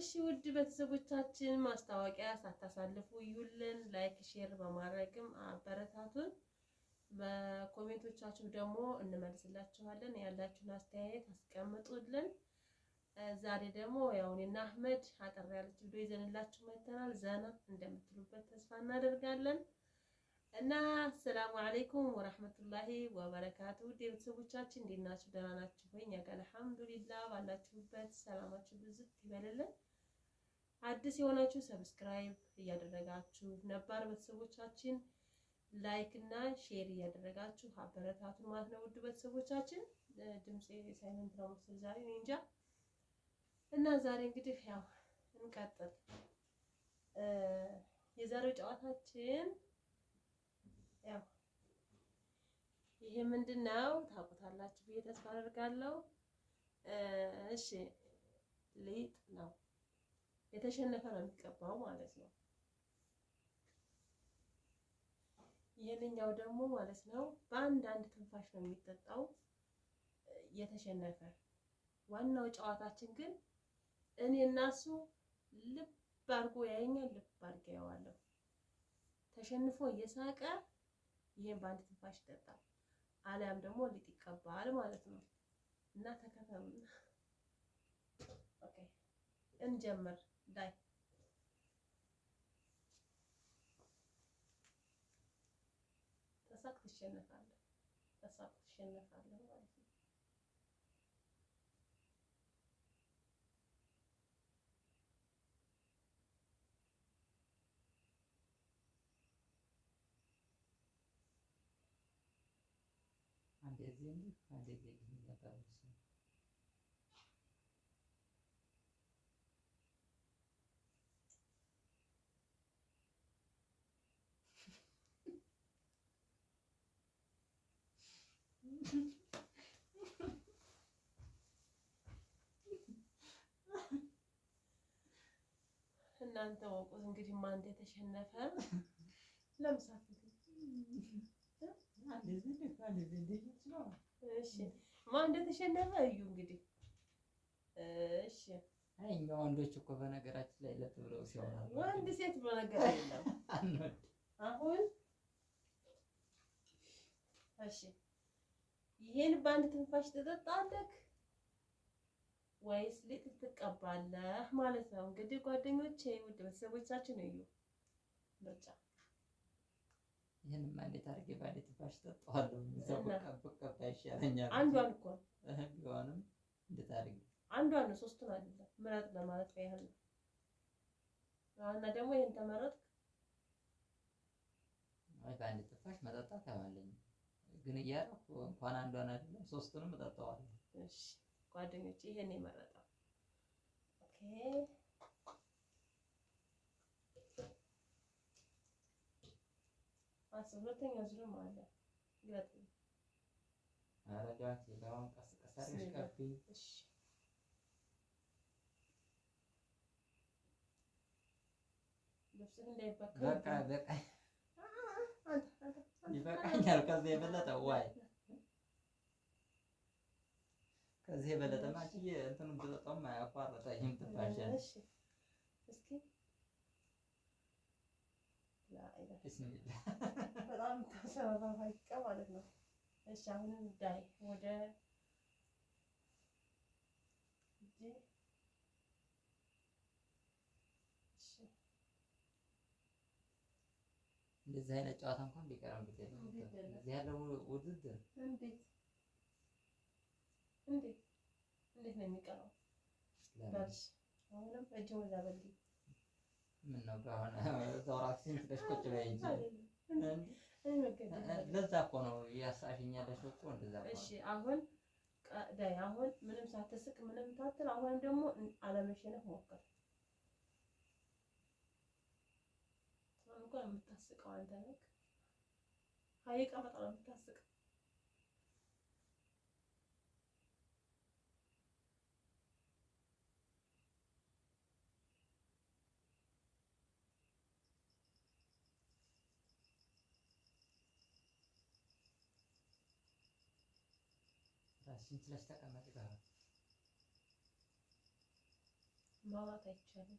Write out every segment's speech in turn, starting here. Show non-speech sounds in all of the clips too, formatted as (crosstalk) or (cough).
እሺ ውድ ቤተሰቦቻችን ማስታወቂያ ሳታሳልፉ እዩልን። ላይክ ሼር በማድረግም አበረታቱን። በኮሜንቶቻችሁ ደግሞ እንመልስላችኋለን። ያላችሁን አስተያየት አስቀምጡልን። ዛሬ ደግሞ ያው እኔና አህመድ አጠር ያለች ቪዲዮ ይዘንላችሁ መተናል ዘና እንደምትሉበት ተስፋ እናደርጋለን እና አሰላሙ አለይኩም ወራህመቱላሂ ወበረካቱ። ውድ ቤተሰቦቻችን እንዴት ናችሁ? ደህና ናችሁ ወይ? እኛ ጋር አልሐምዱሊላህ። ባላችሁበት ሰላማችሁ ብዙ ይበልልን። አዲስ የሆናችሁ ሰብስክራይብ እያደረጋችሁ ነባር ቤተሰቦቻችን ላይክ እና ሼር እያደረጋችሁ አበረታቱን ማለት ነው። ውድ ቤተሰቦቻችን ድምፄ ሳይለንት ነው መሰለኝ ዛሬ እኔ እንጃ። እና ዛሬ እንግዲህ ያው እንቀጥል። የዛሬው ጨዋታችን ያው ይሄ ምንድን ነው ታውቁታላችሁ ብዬ ተስፋ አደርጋለሁ። እሺ ሊጥ ነው የተሸነፈ ነው የሚቀባው ማለት ነው። ይህንኛው ደግሞ ማለት ነው በአንድ አንድ ትንፋሽ ነው የሚጠጣው የተሸነፈ። ዋናው ጨዋታችን ግን እኔ እና እሱ ልብ አድርጎ ያየኛል፣ ልብ አድርጌ ያዋለሁ። ተሸንፎ እየሳቀ ይሄን በአንድ ትንፋሽ ይጠጣል፣ አሊያም ደግሞ ሊጥ ይቀባል ማለት ነው። እና ተከተሉ፣ እንጀምር። Дай. ተሳክቶ ትሸነፋለህ። ተሳክቶ ትሸነፋለህ ማለት ነው። አንዴ እዚህ እንዲህ አንዴ እዚህ እናንተ ወቁት እንግዲህ ማን እንደተሸነፈ ለምሳሌ እሺ ማን እንደተሸነፈ እዩ እንግዲህ እሺ እኛ ወንዶች እኮ በነገራችን ላይ ለት ብለው ሲሆን ወንድ ሴት ብሎ (laughs) የለም አሁን እሺ ይሄን በአንድ ትንፋሽ ትጠጣለህ ወይስ ሊጥ ትቀባለህ ማለት ነው። እንግዲህ ጓደኞቼ፣ ውድ ቤተሰቦቻችን እዩ ምርጫ ይህን እንዴት አድርጌ ባለ ትንፋሽ እጠጣዋለሁ? ብቀባ ይሻለኛል። አንዷን እኮ ቢሆንም እንዴት አድርጌ አንዷን ነው፣ ሶስቱን አይደለም። ምረጥ ለማለት ነው ያህል ነው እና ደግሞ ይህን ተመረጥክ። በአንድ ትንፋሽ መጠጣት አባለኝ ግን እያደረኩ እንኳን አንዷን አይደለም ሶስቱንም እጠጣዋለሁ። እሺ ጓደኞች፣ ይሄን የመረጠው ኦኬ። አስራ ሁለተኛ ዙርም አለ ግለጥ አረጋት ሌላውን ቀስቀሳሪሽ ካፌ እሺ ልብስን እንዳይበካ በቃ በቃ ይበቃኛል። ከዚህ የበለጠ ዋይ ከዚህ የበለጠ ማችዬ እንትኑን ብጠጣውም አያቋርጠኝም። ትባሻል በጣም ተሰባባቂ ማለት ነው። እሺ አሁንም ዳይ ወደ እንደዚህ አይነት ጨዋታ እንኳን ቢቀርም ቢቀርም እዚህ ያለው ውድድር እንዴት ነው የሚቀረው? ነው ለዛ እኮ ነው ያሳሽኛለሽ እኮ እንደዛ እሺ አሁን ቀዳይ አሁን ምንም ሳትስቅ ምንም ሳትል አሁን ደግሞ አለመሸነፍ ሞክር እኮ ነው የምታስቀው። አይደረግ ሀይቅ አመጣ ነው የምታስቀው። ስንት ለስተቀመጥ ጋር ማውራት አይቻልም።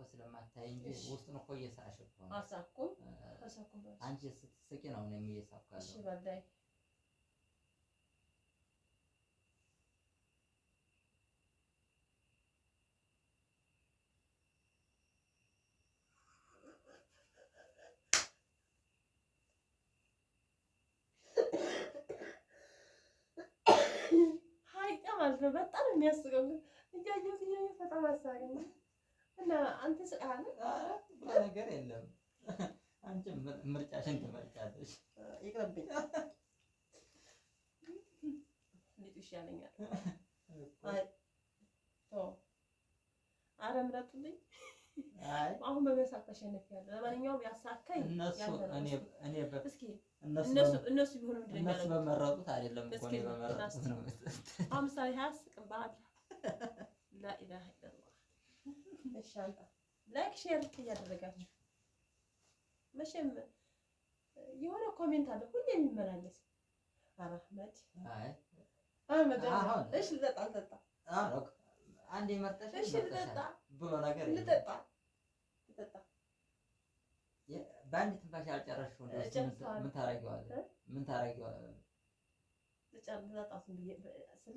እኮ ስለማታይ እንጂ ውስጡን እኮ እየሳቅሽ እኮ ነው። አሳኩም አሳኩም አንቺ ስትስቂ ነው እኔም እየሳቅኩ ያለው። እሺ በላይ (coughs) ሀይቀ ማለት ነው። በጣም የሚያስቀው እያየሁት እያየሁት በጣም አሳሪ ነው። እና አንተ ነገር የለም። አንቺ ምርጫሽን ትመርጫለሽ። ይቅርብኝ ሊጡ ይሻለኛል። አረ ምረጡልኝ። አሁን በመሳቅ ተሸንፌያለሁ። ለማንኛውም ያሳካኝ እነሱ እኔ ቢሆኑ እነሱ በመረጡት አይደለም እኮ እኔ በመረጡት ነው። አምሳሌ ሀያስቅም በአላህ ላኢላሃ ኢለላህ እሺ አንተ ላይክ ሼር እያደረጋችሁ መቼም የሆነ ኮሜንት አለ ሁሌ የሚመላለስ አህመድ እሺ ልጠጣ ልጠጣ አንዴ መርጠሽ እሺ ልጠጣ ብሎ ነገር ልጠጣ ልጠጣ በአንድ ትንፋሽ ያልጨረስሽው ምን ታረጊዋለሽ? ምን ታረጊዋለሽ? ልጠጣ ስለ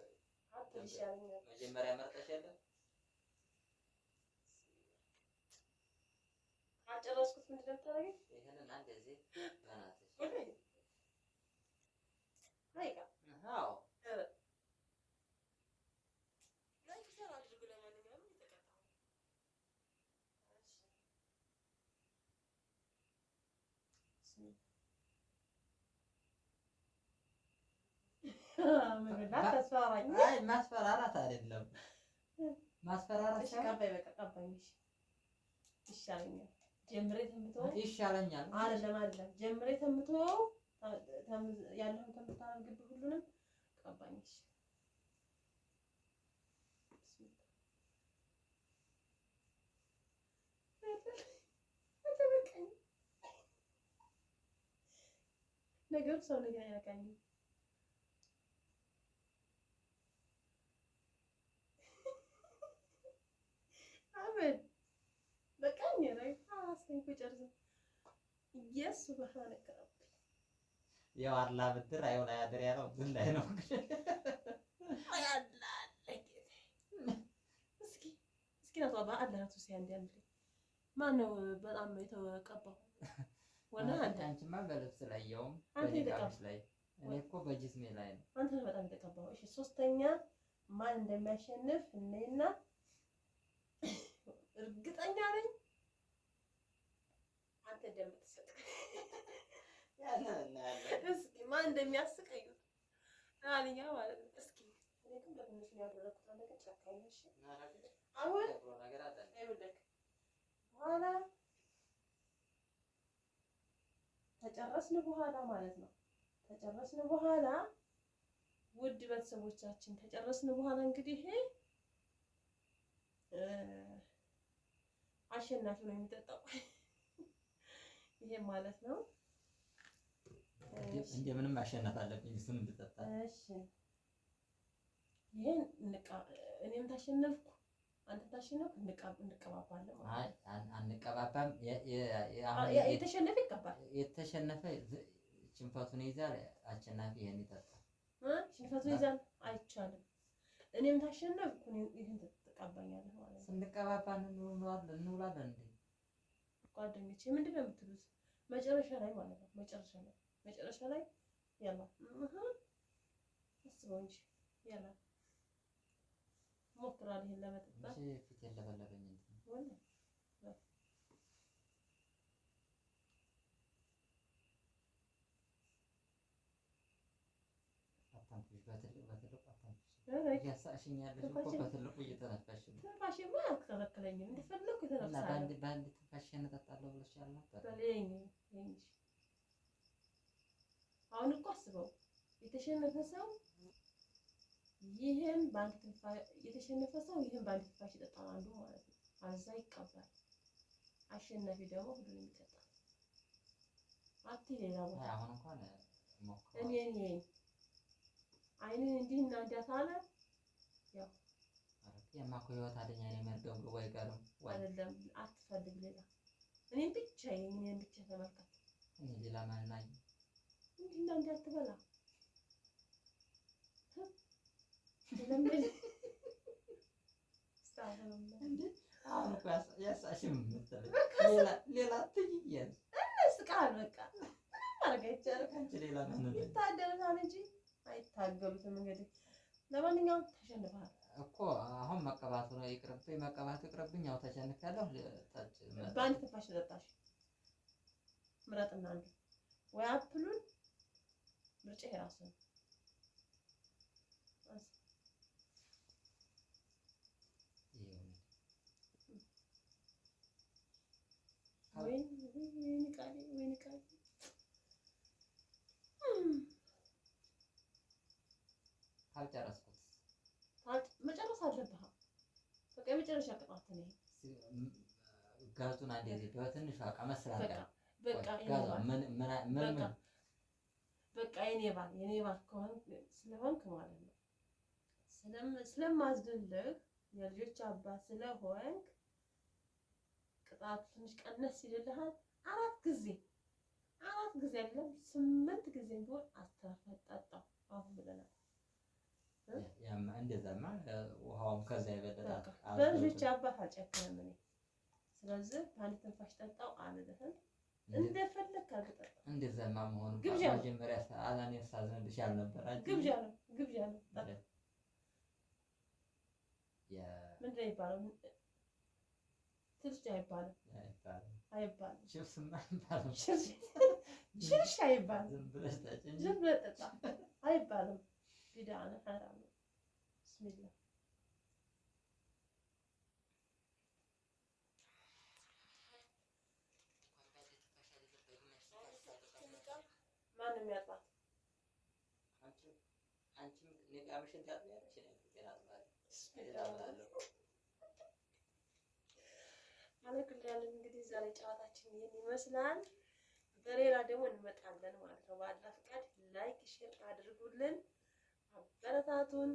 መጀመሪያ መርጠሽ ያለው አጨረስኩት። ምንድን ነው ይሄንን አንድ ጊዜ (laughs) ማስፈራራት አይደለም። ማስፈራራት ይሻለኛል ጀምሬ አይደለም አይደለም፣ ጀምሬ ተምቶ ያለውን ተምታ ግብ ሁሉንም ቀባኝ። ነገሩ ሰው ነገር ያውቃል። ያው አላህ ብድር አይሆን አያድር ያለው ላይ ነው። ማነው በጣም የተቀባው? አንቺማ በልብስ ላይ ያውም ላይ እኔ እኮ በጅስሜ ላይ ነው። አንተ በጣም የተቀባው። እሺ ሶስተኛ ማን እንደሚያሸንፍ እኔና እርግጠኛ ነኝ አንተ እንደምትሰጥ እስኪ ማን እንደሚያስቅ አልኛ ማለት ነው። እስኪ አሁን በኋላ ተጨረስን በኋላ ማለት ነው ተጨረስን በኋላ ውድ ቤተሰቦቻችን ተጨረስን በኋላ እንግዲህ አሸናፊ ነው የሚጠጣው። ይሄ ማለት ነው። እንደምንም ማሸነፍ አለብኝ እሱን እንድጠጣ። እሺ ይሄን እንቃ እኔም ታሸነፍኩ አንተ ታሸነፍኩ፣ እንቀባባለን። አይ አንቀባባም። የተሸነፈ ይቀባል። የተሸነፈ ሽንፈቱን ይዛል፣ አሸናፊ ይሄን ይጠጣል። ሽንፈቱን ይዛል። አይቻልም። እኔም ታሸነፍኩ፣ ይሄን ትቀባኛለህ ማለት ነው። ስንቀባባ እንውላለን እንውላለን ጓደኞቼ ምንድን ነው የምትሉት? መጨረሻ ላይ ማለት ነው። መጨረሻ ላይ መጨረሻ ላይ ያላ አስበው እንጂ ያላ ሞክራል ይሄን ለመጠጣት ፊት ያለበለበኝ እያሳቅሽኝ ያለሽ እኮ በአንድ ትንፋሽ እነጠጣለሁ ብለሽ አልነበረ? አሁን እኮ አስበው የተሸነፈ ሰው ይህም በአንድ ትንፋሽ የተሸነፈ ሰው ይህን በአንድ ትንፋሽ ይጠጣል አንዱ ማለት ነው። አዛ ይቀባል። አሸናፊ ደግሞ ሁሉንም ይጠጣል። አትይ ሌላ ቦታ አሁን እንኳን እኔ እኔ አይንን እንዲህ እና እንዲያ ካለ ያው የማ ህይወት አደኛ ነው መርገም ብሎ አይቀርም። አይደለም አትፈልግ ሌላ እኔም ብቻ እኔም ብቻ ተመልከት። እኔ ሌላ ማንን አየሁ? እንዲህ እና እንዲያ አትበላ ሌላ ትይያለሽ። ስቃል በቃ ማድረግ አይቻልም። ይታደርናል እንጂ አይታገሉትም። እንግዲህ ለማንኛውም ተሸንፈሃል እኮ አሁን መቀባቱ ነው ይቅርብኝ፣ መቀባቱ ይቅርብኝ። ያው ተሸንፊያለሁ። በአንድ ትንፋሽ ተጠጣሽ። ምረጥና አንዱ ወይ አፕሉን ምርጫ የራሱ ነው። ወይኔ ወይኔ አልጨረስኩም። መጨረስ አለብህ። በቃ የመጨረሻ ቅጣት ነው። ጋዙን አንዴ ዜ በቃ መስራት በቃ በቃ የኔ ባል የኔ ባል ስለሆንክ ማለት ነው። ስለማዝንልህ የልጆች አባት ስለሆንክ ቅጣቱ ትንሽ ቀነስ ይልልሃል። አራት ጊዜ አራት ጊዜ አይደለም ስምንት ጊዜ ቢሆን አስተፈጣ እንደዛማ ውሃውም ከዛ ይበለጣል። በልጅ አባት አልጨክንም እኔ። ስለዚህ በአንድ ትንፋሽ ጠጣው አልልህም፣ እንደፈለግ ካልጠጣ እንደዛማ መሆኑ ግብዣ ነው። መጀመሪያ አላኔ ሳዘንድሽ ያልነበረ ግብዣ ነው፣ ግብዣ ነው። ምንድን ነው ይባለው? ትልጭ አይባልም፣ አይባልም፣ ሽርሽ አይባልም። ዝም ብለህ ጠጣ አይባልም። ቢዳ ነው፣ ሐራም ነው። ብስሚላ ማንም ያጥባት እንግዲህ ዛሬ ጨዋታችን ይህን ይመስላል። በሌላ ደግሞ እንመጣለን ማለት ነው። ባላ ፍቃድ ላይክ ሼር አድርጉልን፣ አበረታቱን።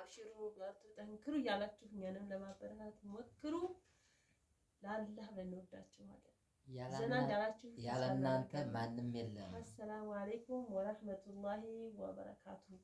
አብሽሩ፣ በርቱ፣ ጠንክሩ እያላችሁ እኛንም ለማበረታት ሞክሩ። ለአላህ ብለን ያለ እናንተ ማንም የለም። አሰላሙ አሌይኩም ወረህመቱላሂ ወበረካቱሁ